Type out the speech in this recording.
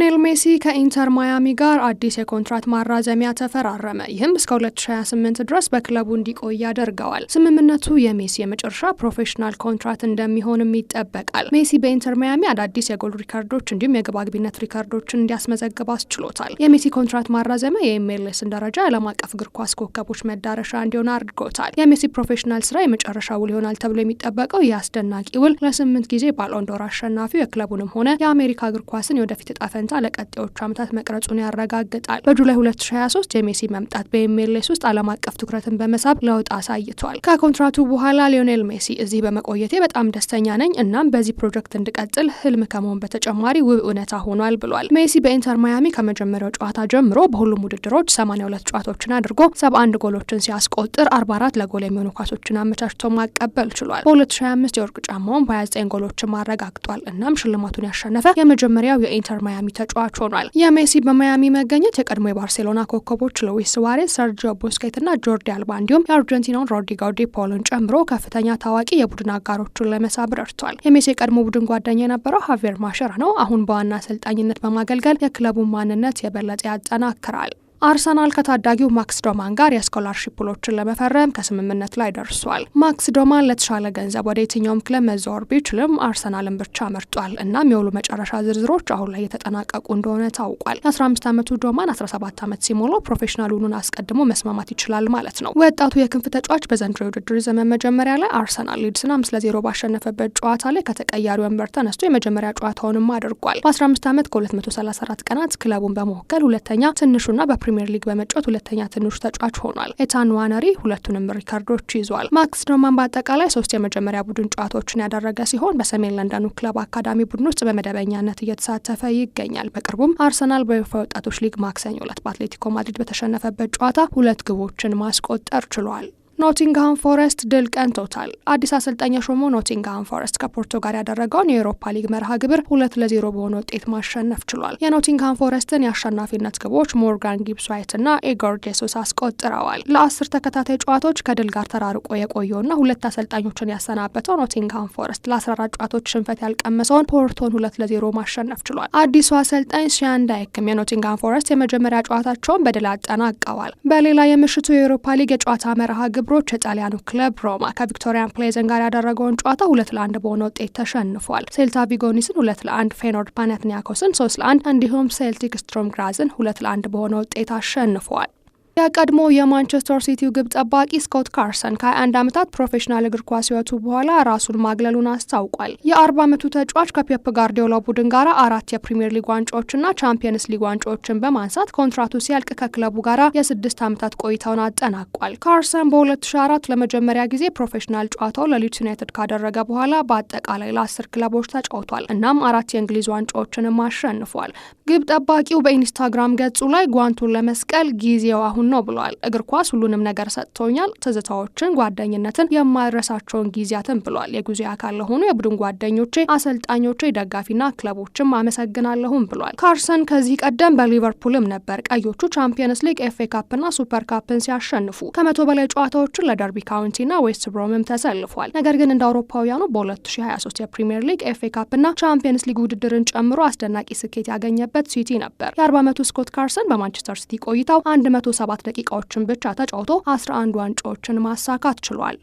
ሊዮኔል ሜሲ ከኢንተር ማያሚ ጋር አዲስ የኮንትራት ማራዘሚያ ተፈራረመ። ይህም እስከ 2028 ድረስ በክለቡ እንዲቆይ ያደርገዋል። ስምምነቱ የሜሲ የመጨረሻ ፕሮፌሽናል ኮንትራት እንደሚሆንም ይጠበቃል። ሜሲ በኢንተር ማያሚ አዳዲስ የጎል ሪካርዶች እንዲሁም የግብ አግቢነት ሪካርዶችን እንዲያስመዘግብ አስችሎታል። የሜሲ ኮንትራት ማራዘሚያ የኤምኤልኤስን ደረጃ የዓለም አቀፍ እግር ኳስ ኮከቦች መዳረሻ እንዲሆን አድርጎታል። የሜሲ ፕሮፌሽናል ስራ የመጨረሻ ውል ይሆናል ተብሎ የሚጠበቀው ይህ አስደናቂ ውል ለስምንት ጊዜ ባሎንዶር አሸናፊው የክለቡንም ሆነ የአሜሪካ እግር ኳስን የወደፊት እጣ ፈንታ ፈንታ ለቀጤዎቹ ዓመታት መቅረጹን ያረጋግጣል። በጁላይ 2023 የሜሲ መምጣት በኤምኤልኤስ ውስጥ ዓለም አቀፍ ትኩረትን በመሳብ ለውጥ አሳይቷል። ከኮንትራቱ በኋላ ሊዮኔል ሜሲ እዚህ በመቆየቴ በጣም ደስተኛ ነኝ፣ እናም በዚህ ፕሮጀክት እንድቀጥል ህልም ከመሆን በተጨማሪ ውብ እውነታ ሆኗል ብሏል። ሜሲ በኢንተር ማያሚ ከመጀመሪያው ጨዋታ ጀምሮ በሁሉም ውድድሮች 82 ጨዋታዎችን አድርጎ 71 ጎሎችን ሲያስቆጥር 44 ለጎል የሚሆኑ ኳሶችን አመቻችቶ ማቀበል ችሏል። በ2025 የወርቅ ጫማውን በ29 ጎሎችን ማረጋግጧል። እናም ሽልማቱን ያሸነፈ የመጀመሪያው የኢንተር ማያሚ ቀዳሚ ተጫዋች ሆኗል። የሜሲ በማያሚ መገኘት የቀድሞ የባርሴሎና ኮከቦች ሉዊስ ስዋሬስ፣ ሰርጂዮ ና ጆርዲ አልባ እንዲሁም የአርጀንቲናውን ሮድሪጎ ዲ ፖልን ጨምሮ ከፍተኛ ታዋቂ የቡድን አጋሮቹን ለመሳብ ረድቷል። የሜሲ የቀድሞ ቡድን ጓደኛ የነበረው ሀቬር ማሸራ ነው። አሁን በዋና አሰልጣኝነት በማገልገል የክለቡን ማንነት የበለጠ ያጠናክራል። አርሰናል ከታዳጊው ማክስ ዶማን ጋር የስኮላርሺፕ ውሎችን ለመፈረም ከስምምነት ላይ ደርሷል። ማክስ ዶማን ለተሻለ ገንዘብ ወደ የትኛውም ክለብ መዘወር ቢችልም አርሰናልን ብቻ መርጧል። እናም የውሉ መጨረሻ ዝርዝሮች አሁን ላይ የተጠናቀቁ እንደሆነ ታውቋል። የ15 ዓመቱ ዶማን 17 ዓመት ሲሞላው ፕሮፌሽናል ውሉን አስቀድሞ መስማማት ይችላል ማለት ነው። ወጣቱ የክንፍ ተጫዋች በዘንድሮ የውድድር ዘመን መጀመሪያ ላይ አርሰናል ሊድስን አምስት ለዜሮ ባሸነፈበት ጨዋታ ላይ ከተቀያሪ ወንበር ተነስቶ የመጀመሪያ ጨዋታውንም አድርጓል። በ15 ዓመት ከ234 ቀናት ክለቡን በመወከል ሁለተኛ ትንሹና በፕ ፕሪምየር ሊግ በመጫወት ሁለተኛ ትንሹ ተጫዋች ሆኗል። ኤታን ዋነሪ ሁለቱንም ሪካርዶች ይዟል። ማክስ ዶማን በአጠቃላይ ሶስት የመጀመሪያ ቡድን ጨዋታዎችን ያደረገ ሲሆን በሰሜን ለንደኑ ክለብ አካዳሚ ቡድን ውስጥ በመደበኛነት እየተሳተፈ ይገኛል። በቅርቡም አርሰናል በዩፋ ወጣቶች ሊግ ማክሰኞ ዕለት በአትሌቲኮ ማድሪድ በተሸነፈበት ጨዋታ ሁለት ግቦችን ማስቆጠር ችሏል። ኖቲንግሃም ፎረስት ድል ቀንቶታል። አዲስ አሰልጣኝ ሾሞ ኖቲንግሃም ፎረስት ከፖርቶ ጋር ያደረገውን የአውሮፓ ሊግ መርሃ ግብር ሁለት ለዜሮ በሆነ ውጤት ማሸነፍ ችሏል። የኖቲንግሃም ፎረስትን የአሸናፊነት ግቦች ሞርጋን ጊብስ ዋይት እና ኤጎር ጄሱስ አስቆጥረዋል። ለአስር ተከታታይ ጨዋታዎች ከድል ጋር ተራርቆ የቆየውና ሁለት አሰልጣኞችን ያሰናበተው ኖቲንግሃም ፎረስት ለ14 ጨዋታዎች ሽንፈት ያልቀመሰውን ፖርቶን ሁለት ለዜሮ ማሸነፍ ችሏል። አዲሱ አሰልጣኝ ሲያንዳይክም የኖቲንግሃም ፎረስት የመጀመሪያ ጨዋታቸውን በድል አጠናቀዋል። በሌላ የምሽቱ የአውሮፓ ሊግ የጨዋታ መርሃ ግብር ክብሮች የጣሊያኑ ክለብ ሮማ ከቪክቶሪያን ፕሌዘን ጋር ያደረገውን ጨዋታ ሁለት ለአንድ በሆነ ውጤት ተሸንፏል። ሴልታ ቪጎኒስን ሁለት ለአንድ፣ ፌኖርድ ፓናትኒያኮስን ሶስት ለአንድ እንዲሁም ሴልቲክ ስትሮም ግራዝን ሁለት ለአንድ በሆነ ውጤት አሸንፏል። የቀድሞ የማንቸስተር ሲቲው ግብ ጠባቂ ስኮት ካርሰን ከ21 ዓመታት ፕሮፌሽናል እግር ኳስ ሕይወቱ በኋላ ራሱን ማግለሉን አስታውቋል። የ40 ዓመቱ ተጫዋች ከፔፕ ጋርዲዮላ ቡድን ጋር አራት የፕሪምየር ሊግ ዋንጫዎችና ቻምፒየንስ ሊግ ዋንጫዎችን በማንሳት ኮንትራቱ ሲያልቅ ከክለቡ ጋር የስድስት ዓመታት ቆይታውን አጠናቋል። ካርሰን በ2004 ለመጀመሪያ ጊዜ ፕሮፌሽናል ጨዋታው ለሊድስ ዩናይትድ ካደረገ በኋላ በአጠቃላይ ለአስር ክለቦች ተጫውቷል። እናም አራት የእንግሊዝ ዋንጫዎችንም አሸንፏል። ግብ ጠባቂው በኢንስታግራም ገጹ ላይ ጓንቱን ለመስቀል ጊዜው አሁን አሁን ነው ብለዋል። እግር ኳስ ሁሉንም ነገር ሰጥቶኛል፣ ትዝታዎችን፣ ጓደኝነትን፣ የማይረሳቸውን ጊዜያትን ብለዋል። የጊዜ አካል ለሆኑ የቡድን ጓደኞቼ፣ አሰልጣኞቼ፣ ደጋፊና ክለቦችም አመሰግናለሁም ብሏል። ካርሰን ከዚህ ቀደም በሊቨርፑልም ነበር። ቀዮቹ ቻምፒየንስ ሊግ፣ ኤፍ ኤ ካፕና ሱፐር ካፕን ሲያሸንፉ ከመቶ በላይ ጨዋታዎችን ለደርቢ ካውንቲና ዌስት ብሮምም ተሰልፏል። ነገር ግን እንደ አውሮፓውያኑ በ2023 የፕሪምየር ሊግ፣ ኤፍ ኤ ካፕና ቻምፒየንስ ሊግ ውድድርን ጨምሮ አስደናቂ ስኬት ያገኘበት ሲቲ ነበር። የ40 ዓመቱ ስኮት ካርሰን በማንቸስተር ሲቲ ቆይታው 170 ደቂቃዎችን ብቻ ተጫውቶ 11 ዋንጫዎችን ማሳካት ችሏል።